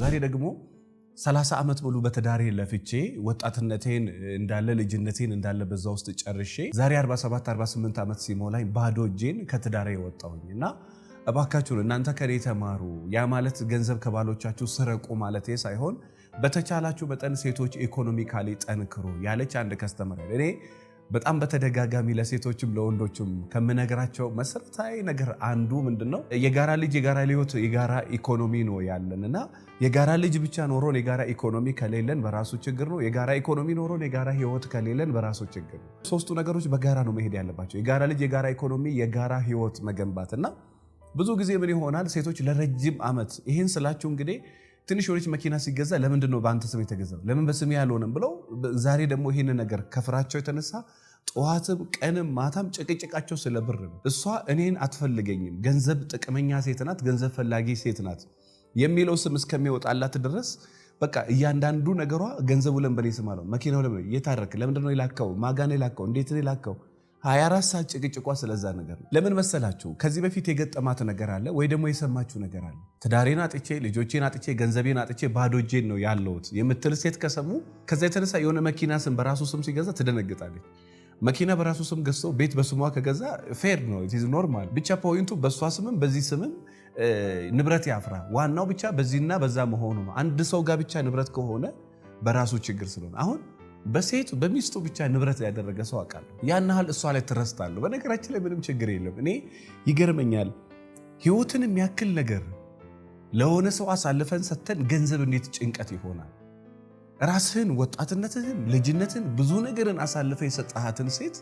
ዛሬ ደግሞ 30 ዓመት ሙሉ በትዳሬ ለፍቼ ወጣትነቴን እንዳለ ልጅነቴን እንዳለ በዛ ውስጥ ጨርሼ ዛሬ 47 48 ዓመት ሲሞላኝ ባዶ እጄን ከትዳሬ ወጣሁኝ እና እባካችሁን እናንተ ከኔ ተማሩ። ያ ማለት ገንዘብ ከባሎቻችሁ ስረቁ ማለት ሳይሆን በተቻላችሁ መጠን ሴቶች ኢኮኖሚካሊ ጠንክሩ ያለች አንድ ከስተመር እኔ በጣም በተደጋጋሚ ለሴቶችም ለወንዶችም ከምነግራቸው መሰረታዊ ነገር አንዱ ምንድን ነው? የጋራ ልጅ የጋራ ህይወት የጋራ ኢኮኖሚ ነው ያለን እና የጋራ ልጅ ብቻ ኖሮን የጋራ ኢኮኖሚ ከሌለን በራሱ ችግር ነው። የጋራ ኢኮኖሚ ኖሮን የጋራ ህይወት ከሌለን በራሱ ችግር ነው። ሶስቱ ነገሮች በጋራ ነው መሄድ ያለባቸው። የጋራ ልጅ፣ የጋራ ኢኮኖሚ፣ የጋራ ህይወት መገንባት እና ብዙ ጊዜ ምን ይሆናል ሴቶች ለረጅም ዓመት ይህን ስላችሁ እንግዲህ ትንሽ የሆነች መኪና ሲገዛ ለምንድን ነው በአንተ ስም የተገዛው? ለምን በስም አልሆነም ብለው ዛሬ ደግሞ ይህን ነገር ከፍራቸው የተነሳ ጠዋትም ቀንም ማታም ጭቅጭቃቸው ስለ ብር ነው። እሷ እኔን አትፈልገኝም፣ ገንዘብ ጥቅመኛ ሴት ናት፣ ገንዘብ ፈላጊ ሴት ናት የሚለው ስም እስከሚወጣላት ድረስ በቃ እያንዳንዱ ነገሯ ገንዘቡ ለምን በኔ ስም አለው? መኪናው ለምን የታረክ? ለምንድን ነው የላከው? ማጋን የላከው? እንዴት የላከው? 24 ሰዓት ጭቅጭቋ ስለዛ ነገር ነው። ለምን መሰላችሁ? ከዚህ በፊት የገጠማት ነገር አለ ወይ ደግሞ የሰማችሁ ነገር አለ። ትዳሬን አጥቼ፣ ልጆቼን አጥቼ፣ ገንዘቤን አጥቼ ባዶ እጄን ነው ያለሁት የምትል ሴት ከሰሙ ከዛ የተነሳ የሆነ መኪና ስም በራሱ ስም ሲገዛ ትደነግጣለች። መኪና በራሱ ስም ገዝቶ ቤት በስሟ ከገዛ ፌር ነው፣ ኢዝ ኖርማል። ብቻ ፖይንቱ በእሷ ስምም በዚህ ስምም ንብረት ያፍራ። ዋናው ብቻ በዚህና በዛ መሆኑ ነው። አንድ ሰው ጋር ብቻ ንብረት ከሆነ በራሱ ችግር ስለሆነ አሁን በሴቱ በሚስቱ ብቻ ንብረት ያደረገ ሰው አውቃለሁ። ያን ያህል እሷ ላይ ትረስታለሁ። በነገራችን ላይ ምንም ችግር የለም። እኔ ይገርመኛል፣ ህይወትን የሚያክል ነገር ለሆነ ሰው አሳልፈን ሰጥተን ገንዘብ እንዴት ጭንቀት ይሆናል? ራስህን፣ ወጣትነትህን፣ ልጅነትን፣ ብዙ ነገርን አሳልፈ የሰጠሃትን ሴት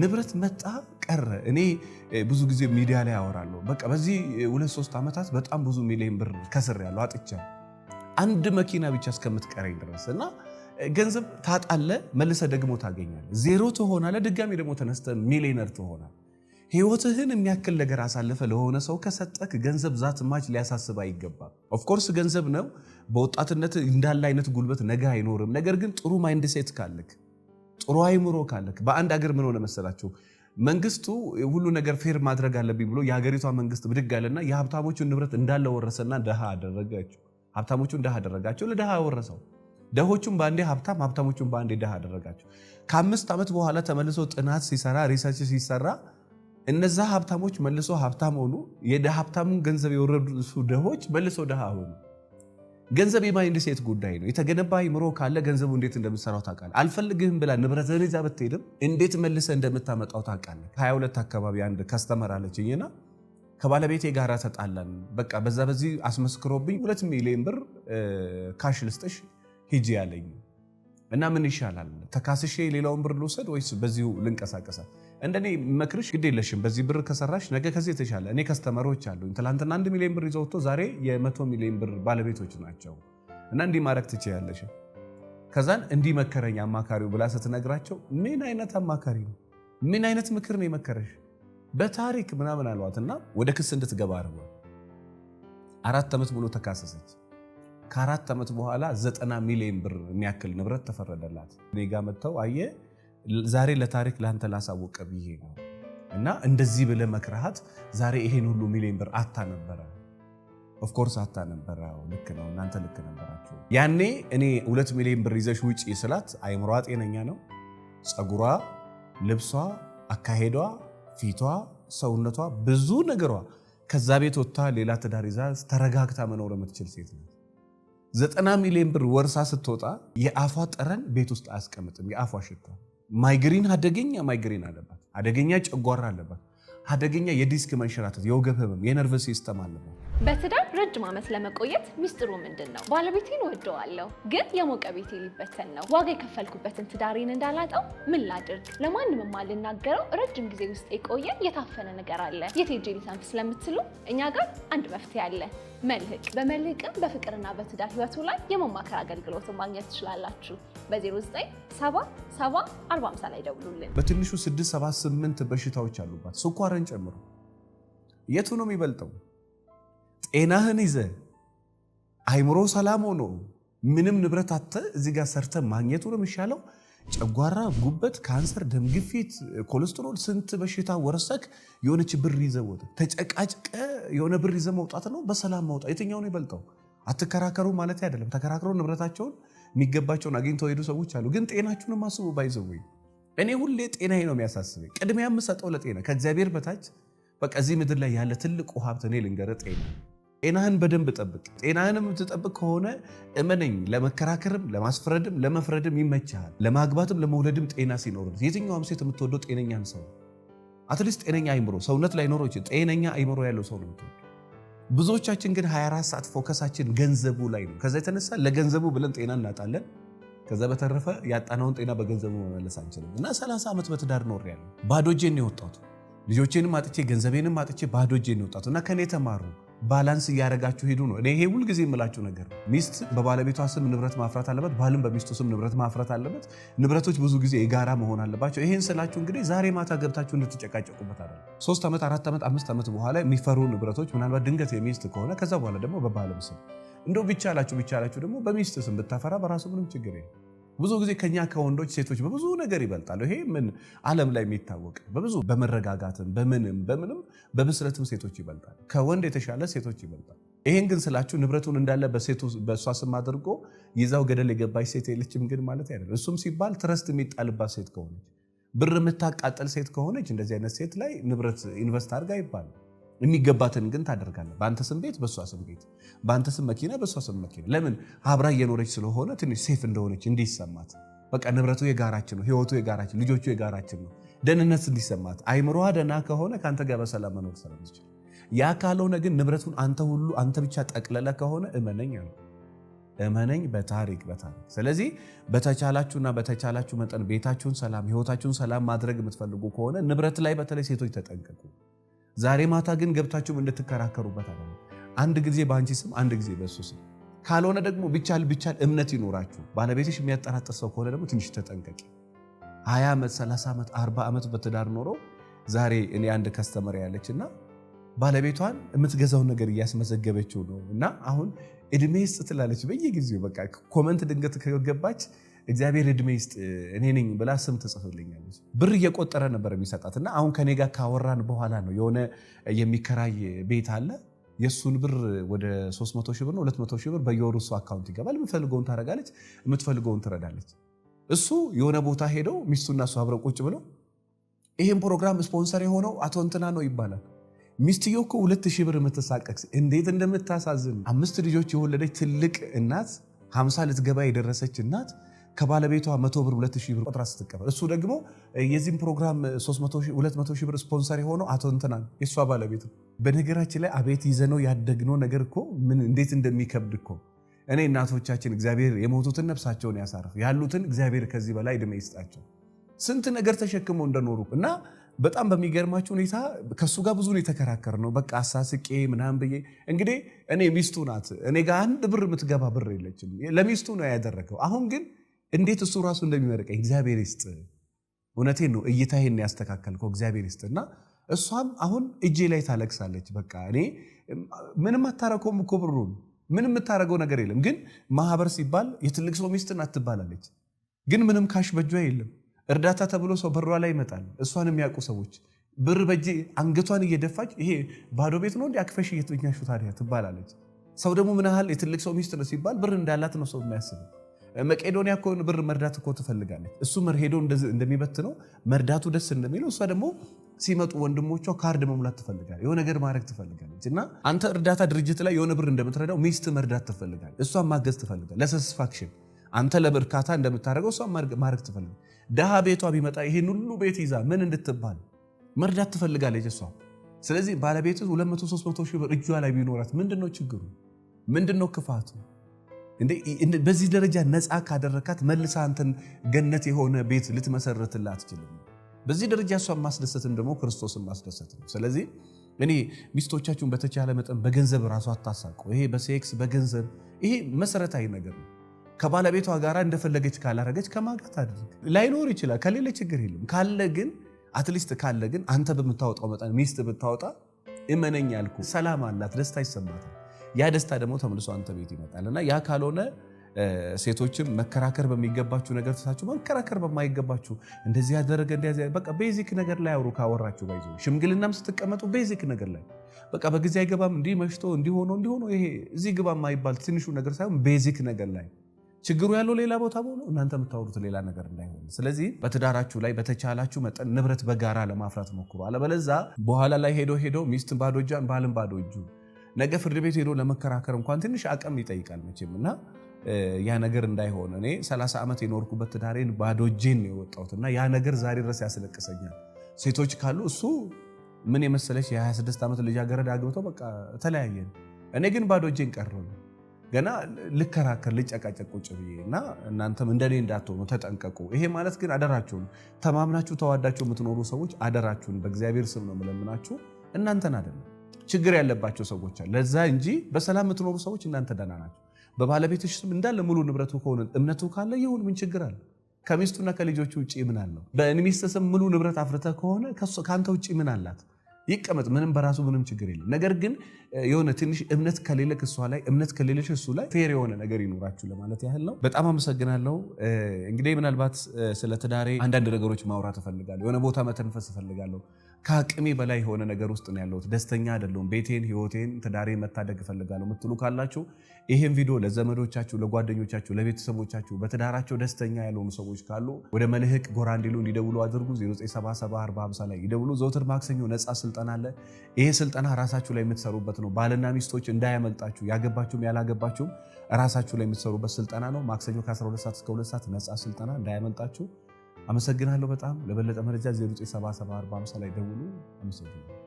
ንብረት መጣ ቀረ። እኔ ብዙ ጊዜ ሚዲያ ላይ አወራለሁ በቃ በዚህ ሁለት ሶስት ዓመታት በጣም ብዙ ሚሊዮን ብር ከስር ያለው አጥቻ አንድ መኪና ብቻ እስከምትቀረኝ ድረስ እና ገንዘብ ታጣለ፣ መልሰ ደግሞ ታገኛለ። ዜሮ ትሆናለ፣ ድጋሚ ደግሞ ተነስተ ሚሊነር ትሆናል። ህይወትህን የሚያክል ነገር አሳልፈ ለሆነ ሰው ከሰጠክ ገንዘብ ዛት ማች ሊያሳስብ አይገባም። ኦፍኮርስ ገንዘብ ነው። በወጣትነት እንዳለ አይነት ጉልበት ነገ አይኖርም። ነገር ግን ጥሩ ማይንድ ሴት ካለክ፣ ጥሩ አይምሮ ካለክ በአንድ አገር ምን ሆነ መሰላችሁ? መንግስቱ ሁሉ ነገር ፌር ማድረግ አለብኝ ብሎ የሀገሪቷ መንግስት ብድግ አለና የሀብታሞቹን ንብረት እንዳለ ወረሰና ደሃ አደረጋቸው። ሀብታሞቹን ደሃ አደረጋቸው፣ ለደሃ ወረሰው። ደሆቹም በአንዴ ሀብታም ሀብታሞቹም በአንዴ ድሃ አደረጋቸው። ከአምስት ዓመት በኋላ ተመልሶ ጥናት ሲሰራ ሪሰርች ሲሰራ እነዛ ሀብታሞች መልሶ ሀብታም ሆኑ። የሀብታም ገንዘብ የወረሱ ደሆች መልሶ ደሃ ሆኑ። ገንዘብ የማይንድ ሴት ጉዳይ ነው። የተገነባ አይምሮ ካለ ገንዘቡ እንዴት እንደምትሰራው ታውቃለህ። አልፈልግህም ብላ ንብረትህን ይዛ ብትሄድም እንዴት መልሰ እንደምታመጣው ታውቃለህ። ከ22 አካባቢ አንድ ከስተመር አለችኝና ከባለቤቴ ጋር ተጣላን። በቃ በዛ በዚህ አስመስክሮብኝ ሁለት ሚሊዮን ብር ካሽ ልስጥሽ ሂጂ ያለኝ እና ምን ይሻላል? ተካስሼ ሌላውን ብር ልውሰድ ወይስ በዚሁ ልንቀሳቀሳ? እንደኔ መክርሽ ግድ የለሽም። በዚህ ብር ከሰራሽ ነገ ከዚህ የተሻለ እኔ ከስተመሮች አሉ። ትላንትና አንድ ሚሊዮን ብር ይዘውቶ ዛሬ የመቶ ሚሊዮን ብር ባለቤቶች ናቸው። እና እንዲህ ማድረግ ትችያለሽ። ከዛን እንዲህ መከረኝ አማካሪው ብላ ስትነግራቸው ምን አይነት አማካሪ ነው? ምን አይነት ምክር ነው የመከረሽ? በታሪክ ምናምን አሏትና ወደ ክስ እንድትገባ አርጓል። አራት ዓመት ሙሉ ተካሰሰች። ከአራት ዓመት በኋላ ዘጠና ሚሊዮን ብር የሚያክል ንብረት ተፈረደላት። እኔ ጋ መጥተው አየ ዛሬ ለታሪክ ለአንተ ላሳወቀ ብዬ ነው እና እንደዚህ ብለ መክረሃት ዛሬ ይሄን ሁሉ ሚሊዮን ብር አታ ነበረ። ኦፍኮርስ አታ ነበረ። ልክ ነው፣ እናንተ ልክ ነበራችሁ። ያኔ እኔ ሁለት ሚሊዮን ብር ይዘሽ ውጭ ስላት አይምሯ ጤነኛ ነው። ፀጉሯ፣ ልብሷ፣ አካሄዷ፣ ፊቷ፣ ሰውነቷ፣ ብዙ ነገሯ ከዛ ቤት ወጥታ ሌላ ትዳር ይዛ ተረጋግታ መኖር የምትችል ሴት ነው። ዘጠና ሚሊዮን ብር ወርሳ ስትወጣ የአፏ ጠረን ቤት ውስጥ አያስቀምጥም። የአፏ ሽታ ማይግሪን፣ አደገኛ ማይግሪን አለባት፣ አደገኛ ጨጓራ አለባት፣ አደገኛ የዲስክ መንሸራተት፣ የወገብ ህመም፣ የነርቭ ሲስተም አለባት። በትዳር ረጅም ዓመት ለመቆየት ሚስጥሩ ምንድን ነው? ባለቤቴን ወደዋለሁ፣ ግን የሞቀ ቤቴ ሊበተን ነው። ዋጋ የከፈልኩበትን ትዳሬን እንዳላጣው ምን ላድርግ? ለማንም የማልናገረው ረጅም ጊዜ ውስጥ የቆየ የታፈነ ነገር አለ። የቴጄ ሄጄ ስለምትሉ እኛ ጋር አንድ መፍትሄ አለ፣ መልህቅ በመልህቅም በፍቅርና በትዳር ህይወቱ ላይ የመማከር አገልግሎትን ማግኘት ትችላላችሁ። 45 ላይ ደውሉልን። በትንሹ 678 በሽታዎች አሉባት፣ ስኳርን ጨምሮ። የቱ ነው የሚበልጠው? ጤናህን ይዘ አይምሮ ሰላም ሆኖ ምንም ንብረት አተ እዚህ ጋር ሰርተ ማግኘቱ ነው የሚሻለው። ጨጓራ፣ ጉበት፣ ካንሰር፣ ደም ግፊት፣ ኮሌስትሮል፣ ስንት በሽታ ወረሰክ። የሆነች ብር ይዘ ተጨቃጭቀ የሆነ ብር ይዘ መውጣት ነው። በሰላም መውጣት ነው ይበልጠው? አትከራከሩ ማለት አይደለም። ተከራክሮ ንብረታቸውን የሚገባቸውን አግኝተው ሄዱ ሰዎች አሉ። ግን ጤናችሁን ማስቡ ባይዘው እኔ ሁሌ ጤናዬ ነው የሚያሳስበኝ። ቅድሚያ የምሰጠው ለጤና ከእግዚአብሔር በታች በቃ እዚህ ምድር ላይ ያለ ትልቁ ሀብት እኔ ልንገረ ጤና ጤናህን በደንብ ጠብቅ። ጤናህን የምትጠብቅ ከሆነ እመነኝ፣ ለመከራከርም ለማስፈረድም ለመፍረድም ይመችሃል። ለማግባትም ለመውለድም ጤና ሲኖር የትኛውም ሴት የምትወደው ጤነኛን ሰው አትሊስት ጤነኛ አይምሮ ሰውነት ላይ ኖሮ ጤነኛ አይምሮ ያለው ሰው ነው። ብዙዎቻችን ግን 24 ሰዓት ፎከሳችን ገንዘቡ ላይ ነው። ከዛ የተነሳ ለገንዘቡ ብለን ጤና እናጣለን። ከዛ በተረፈ ያጣነውን ጤና በገንዘቡ መመለስ አንችልም እና 30 ዓመት በትዳር ኖር ያለ ባዶ እጄን የወጣሁት ልጆቼንም አጥቼ ገንዘቤንም አጥቼ ባዶ እጄን የወጣሁት እና ከኔ ተማሩ ባላንስ እያደረጋችሁ ሄዱ ነው። እኔ ይሄ ሁልጊዜ የምላችሁ ነገር ሚስት በባለቤቷ ስም ንብረት ማፍራት አለበት፣ ባልም በሚስቱ ስም ንብረት ማፍራት አለበት። ንብረቶች ብዙ ጊዜ የጋራ መሆን አለባቸው። ይሄን ስላችሁ እንግዲህ ዛሬ ማታ ገብታችሁ እንድትጨቃጨቁበት አለ ሶስት ዓመት አራት ዓመት አምስት ዓመት በኋላ የሚፈሩ ንብረቶች ምናልባት ድንገት የሚስት ከሆነ ከዛ በኋላ ደግሞ በባልም ስም እንደው ቢቻላችሁ ቢቻላችሁ ደግሞ በሚስት ስም ብታፈራ በራሱ ምንም ችግር የለም። ብዙ ጊዜ ከኛ ከወንዶች ሴቶች በብዙ ነገር ይበልጣሉ። ይሄ ምን ዓለም ላይ የሚታወቅ በብዙ በመረጋጋትም በምንም በምንም በብስለትም ሴቶች ይበልጣል። ከወንድ የተሻለ ሴቶች ይበልጣል። ይሄን ግን ስላችሁ ንብረቱን እንዳለ በእሷ ስም አድርጎ ይዛው ገደል የገባች ሴት የለችም ግን ማለት አይደለም። እሱም ሲባል ትረስት የሚጣልባት ሴት ከሆነች ብር የምታቃጠል ሴት ከሆነች እንደዚህ አይነት ሴት ላይ ንብረት ኢንቨስት አድርጋ ይባላል። የሚገባትን ግን ታደርጋለህ። በአንተ ስም ቤት፣ በእሷ ስም ቤት፣ በአንተ ስም መኪና፣ በእሷ ስም መኪና። ለምን አብራ እየኖረች ስለሆነ ትንሽ ሴፍ እንደሆነች እንዲሰማት፣ በቃ ንብረቱ የጋራችን ነው፣ ህይወቱ የጋራችን፣ ልጆቹ የጋራችን ነው፣ ደህንነት እንዲሰማት። አይምሮዋ ደህና ከሆነ ከአንተ ጋር በሰላም መኖር ስለምትችል፣ ያ ካልሆነ ግን ንብረቱን አንተ ሁሉ አንተ ብቻ ጠቅለለ ከሆነ እመነኝ አለ እመነኝ በታሪክ በታሪክ ስለዚህ በተቻላችሁና በተቻላችሁ መጠን ቤታችሁን ሰላም ህይወታችሁን ሰላም ማድረግ የምትፈልጉ ከሆነ ንብረት ላይ በተለይ ሴቶች ተጠንቀቁ ዛሬ ማታ ግን ገብታችሁም እንድትከራከሩበት አለ። አንድ ጊዜ በአንቺ ስም፣ አንድ ጊዜ በእሱ ስም። ካልሆነ ደግሞ ቢቻል ቢቻል እምነት ይኖራችሁ። ባለቤትሽ የሚያጠራጥር ሰው ከሆነ ደግሞ ትንሽ ተጠንቀቂ። 20 ዓመት 30 ዓመት 40 ዓመት በትዳር ኖሮ ዛሬ እኔ አንድ ከስተመር ያለች እና ባለቤቷን የምትገዛውን ነገር እያስመዘገበችው ነው እና አሁን እድሜ ስጥ ትላለች በየጊዜው በቃ ኮመንት ድንገት ከገባች እግዚአብሔር እድሜ ይስጥ እኔ ነኝ ብላ ስም ትጽፍልኛለች። ብር እየቆጠረ ነበር የሚሰጣት እና አሁን ከኔ ጋር ካወራን በኋላ ነው የሆነ የሚከራይ ቤት አለ የእሱን ብር ወደ 300 ሺህ ብር ነው 200 ሺህ ብር በየወሩ እሱ አካውንት ይገባል። የምትፈልገውን ታደርጋለች፣ የምትፈልገውን ትረዳለች። እሱ የሆነ ቦታ ሄደው ሚስቱና እሱ አብረው ቁጭ ብለው ይህም ፕሮግራም ስፖንሰር የሆነው አቶ እንትና ነው ይባላል። ሚስትዮ እኮ ሁለት ሺህ ብር የምትሳቀቅ እንዴት እንደምታሳዝን አምስት ልጆች የወለደች ትልቅ እናት 50 ልትገባ የደረሰች እናት ከባለቤቷ መቶ ብር 2000 ብር ቆጥራ ስትቀበል እሱ ደግሞ የዚህም ፕሮግራም 20 ሺህ ብር ስፖንሰር የሆነው አቶ እንትና የእሷ ባለቤት በነገራችን ላይ አቤት ይዘነው ያደግነው ነገር እኮ ምን እንዴት እንደሚከብድ እኮ እኔ እናቶቻችን እግዚአብሔር የሞቱትን ነፍሳቸውን ያሳርፍ ያሉትን እግዚአብሔር ከዚህ በላይ እድሜ ይስጣቸው። ስንት ነገር ተሸክመው እንደኖሩ እና በጣም በሚገርማቸው ሁኔታ ከእሱ ጋር ብዙ የተከራከር ነው። በቃ አሳስቄ ምናምን ብዬ እንግዲህ እኔ ሚስቱ ናት። እኔ ጋር አንድ ብር የምትገባ ብር የለችም። ለሚስቱ ነው ያደረገው። አሁን ግን እንዴት እሱ ራሱ እንደሚመርቀኝ እግዚአብሔር ይስጥ። እውነቴን ነው። እይታዬን ያስተካከልከው እግዚአብሔር ይስጥ እና እሷም አሁን እጄ ላይ ታለቅሳለች። በቃ እኔ ምንም አታረከውም እኮ ብሩን ምንም የምታረገው ነገር የለም። ግን ማህበር ሲባል የትልቅ ሰው ሚስት ናት ትባላለች። ግን ምንም ካሽ በጇ የለም። እርዳታ ተብሎ ሰው በሯ ላይ ይመጣል። እሷን የሚያውቁ ሰዎች ብር በእጄ አንገቷን እየደፋች ይሄ ባዶ ቤት ነው እንዲ አክፈሽ እየተኛሹ ታዲያ ትባላለች። ሰው ደግሞ ምን ያህል የትልቅ ሰው ሚስት ነው ሲባል ብር እንዳላት ነው ሰው የሚያስበው። መቄዶንያ እኮ ብር መርዳት እኮ ትፈልጋለች። እሱ ሄዶ እንደሚበትነው መርዳቱ ደስ እንደሚለው እሷ ደግሞ ሲመጡ ወንድሞቿ ካርድ መሙላት ትፈልጋለች፣ የሆነ ነገር ማድረግ ትፈልጋለች። እና አንተ እርዳታ ድርጅት ላይ የሆነ ብር እንደምትረዳው ሚስት መርዳት ትፈልጋለች፣ እሷ ማገዝ ትፈልጋለች። ለሳቲስፋክሽን አንተ ለበርካታ እንደምታደርገው እሷ ማድረግ ትፈልጋለች። ድሃ ቤቷ ቢመጣ ይሄን ሁሉ ቤት ይዛ ምን እንድትባል መርዳት ትፈልጋለች እሷ። ስለዚህ ባለቤት 2300 ሺህ ብር እጇ ላይ ቢኖራት ምንድነው ችግሩ? ምንድነው ክፋቱ? በዚህ ደረጃ ነፃ ካደረካት መልሳ አንተን ገነት የሆነ ቤት ልትመሰረትላ አትችልም። በዚህ ደረጃ እሷን ማስደሰትም ደግሞ ክርስቶስን ማስደሰት ነው። ስለዚህ እኔ ሚስቶቻችሁን በተቻለ መጠን በገንዘብ ራሱ አታሳቁ። ይሄ በሴክስ በገንዘብ ይሄ መሰረታዊ ነገር ነው። ከባለቤቷ ጋር እንደፈለገች ካላረገች ከማጋት አድርግ ላይኖር ይችላል። ከሌለ ችግር የለም። ካለ ግን አትሊስት ካለ ግን አንተ በምታወጣው መጠን ሚስት ብታወጣ እመነኝ ያልኩ ሰላም አላት፣ ደስታ ይሰማታል። ያ ደስታ ደግሞ ተመልሶ አንተ ቤት ይመጣል እና ያ ካልሆነ ሴቶችም መከራከር በሚገባችሁ ነገር ትታችሁ መከራከር በማይገባችሁ እንደዚህ ያደረገ እንደዚህ በቃ ቤዚክ ነገር ላይ አውሩ። ካወራችሁ ባይዞ ሽምግልናም ስትቀመጡ ቤዚክ ነገር ላይ በቃ በጊዜ አይገባም እንዲህ መሽቶ እንዲሆኖ እንዲሆኖ ይሄ እዚህ ግባ የማይባል ትንሹ ነገር ሳይሆን ቤዚክ ነገር ላይ ችግሩ ያለው ሌላ ቦታ በሆነ እናንተ የምታወሩት ሌላ ነገር እንዳይሆን። ስለዚህ በትዳራችሁ ላይ በተቻላችሁ መጠን ንብረት በጋራ ለማፍራት ሞክሩ። አለበለዛ በኋላ ላይ ሄዶ ሄዶ ሚስትን ባዶ እጇን ባልን ባዶ እጁ ነገ ፍርድ ቤት ሄዶ ለመከራከር እንኳን ትንሽ አቅም ይጠይቃል መቼም እና ያ ነገር እንዳይሆን እኔ 30 ዓመት የኖርኩበት ትዳሬን ባዶ እጄን ነው የወጣሁት እና ያ ነገር ዛሬ ድረስ ያስለቅሰኛል። ሴቶች ካሉ እሱ ምን የመሰለች የ26 ዓመት ልጃገረድ አግብቶ በቃ ተለያየን። እኔ ግን ባዶ እጄን ቀረሁ። ገና ልከራከር ልጨቃጨቅ ቁጭ ብዬ እና እናንተም እንደኔ እንዳትሆኑ ተጠንቀቁ። ይሄ ማለት ግን አደራችሁን ተማምናችሁ ተዋዳችሁ የምትኖሩ ሰዎች አደራችሁን በእግዚአብሔር ስም ነው የምለምናችሁ እናንተን አይደለም። ችግር ያለባቸው ሰዎች አሉ። ለዛ እንጂ በሰላም የምትኖሩ ሰዎች እናንተ ደህና ናቸው። በባለቤትሽ ስም እንዳለ ሙሉ ንብረቱ ከሆነ እምነቱ ካለ ይሁን፣ ምን ችግር አለ? ከሚስቱና ከልጆቹ ውጭ ምን አለው? በሚስት ስም ሙሉ ንብረት አፍርተ ከሆነ ከአንተ ውጭ ምን አላት? ይቀመጥ። ምንም በራሱ ምንም ችግር የለም። ነገር ግን የሆነ ትንሽ እምነት ከሌለ ክሷ ላይ እምነት ከሌለሽ እሱ ላይ ፌር የሆነ ነገር ይኖራችሁ ለማለት ያህል ነው። በጣም አመሰግናለሁ። እንግዲህ ምናልባት ስለ ትዳሬ አንዳንድ ነገሮች ማውራት እፈልጋለሁ። የሆነ ቦታ መተንፈስ እፈልጋለሁ። ከአቅሜ በላይ የሆነ ነገር ውስጥ ነው ያለሁት፣ ደስተኛ አይደለሁም፣ ቤቴን፣ ህይወቴን፣ ትዳሬ መታደግ እፈልጋለሁ የምትሉ ካላችሁ ይህም ቪዲዮ ለዘመዶቻችሁ፣ ለጓደኞቻችሁ፣ ለቤተሰቦቻችሁ በትዳራቸው ደስተኛ ያልሆኑ ሰዎች ካሉ ወደ መልህቅ ጎራ እንዲሉ እንዲደውሉ አድርጉ። 097745 ላይ ይደውሉ። ዘውትር ማክሰኞ ነፃ ስልጠና አለ። ይሄ ስልጠና ራሳችሁ ላይ የምትሰሩበት ነው። ባልና ሚስቶች እንዳያመልጣችሁ፣ ያገባችሁም ያላገባችሁም ራሳችሁ ላይ የምትሰሩበት ስልጠና ነው። ማክሰኞ ከ12 ሰዓት እስከ 2 ሰዓት ነፃ ስልጠና እንዳያመልጣችሁ። አመሰግናለሁ። በጣም ለበለጠ መረጃ 0974 ላይ ደውሉ። አመሰግናለሁ።